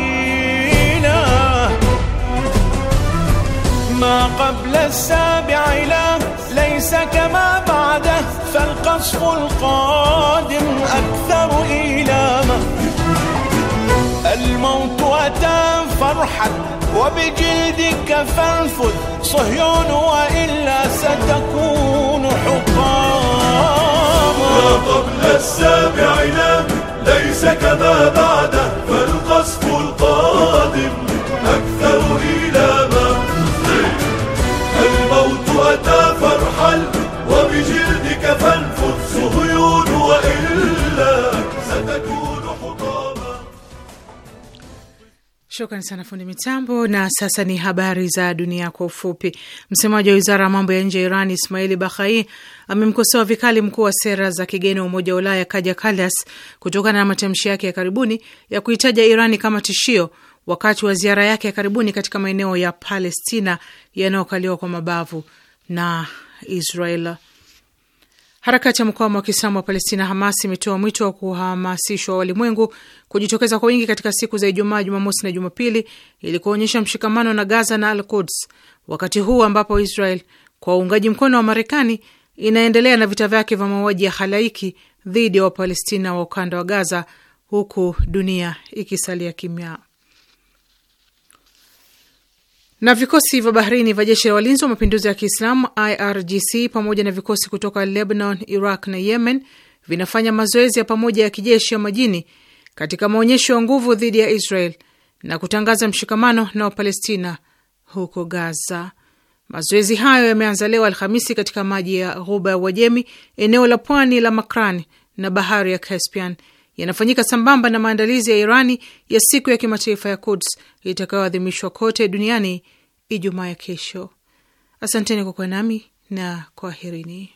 ما قبل السابع لا ليس كما بعده فالقصف القادم أكثر إيلاما الموت أتى فرحا وبجلدك فانفذ صهيون وإلا ستكون حطاما ما قبل السابع لا ليس كما بعده Shukran sana fundi mitambo. Na sasa ni habari za dunia kwa ufupi. Msemaji wa wizara ya mambo ya nje ya Iran Ismaili Bakhai amemkosoa vikali mkuu wa sera za kigeni wa Umoja wa Ulaya Kaja Kalas kutokana na matamshi yake ya karibuni ya kuitaja Irani kama tishio wakati wa ziara yake ya karibuni katika maeneo ya Palestina yanayokaliwa kwa mabavu na Israel. Harakati ya mkawama wa Kiislamu wa Palestina, Hamas, imetoa mwito wa kuhamasishwa walimwengu kujitokeza kwa wingi katika siku za Ijumaa, Jumamosi na Jumapili ili kuonyesha mshikamano na Gaza na al Quds, wakati huu ambapo Israel kwa uungaji mkono wa Marekani inaendelea na vita vyake vya mauaji ya halaiki dhidi ya Wapalestina wa ukanda wa Gaza, huku dunia ikisalia kimya. Na vikosi vya baharini vya jeshi la walinzi wa mapinduzi ya Kiislamu IRGC pamoja na vikosi kutoka Lebanon, Iraq na Yemen vinafanya mazoezi ya pamoja ya kijeshi ya majini katika maonyesho ya nguvu dhidi ya Israel na kutangaza mshikamano na Wapalestina huko Gaza. Mazoezi hayo yameanza leo Alhamisi katika maji ya ghuba ya Uajemi, eneo la pwani la Makran na bahari ya Caspian yanafanyika sambamba na maandalizi ya Irani ya siku ya kimataifa ya Kuds itakayoadhimishwa kote duniani Ijumaa ya kesho. Asanteni kwa kuwa nami na kwaherini.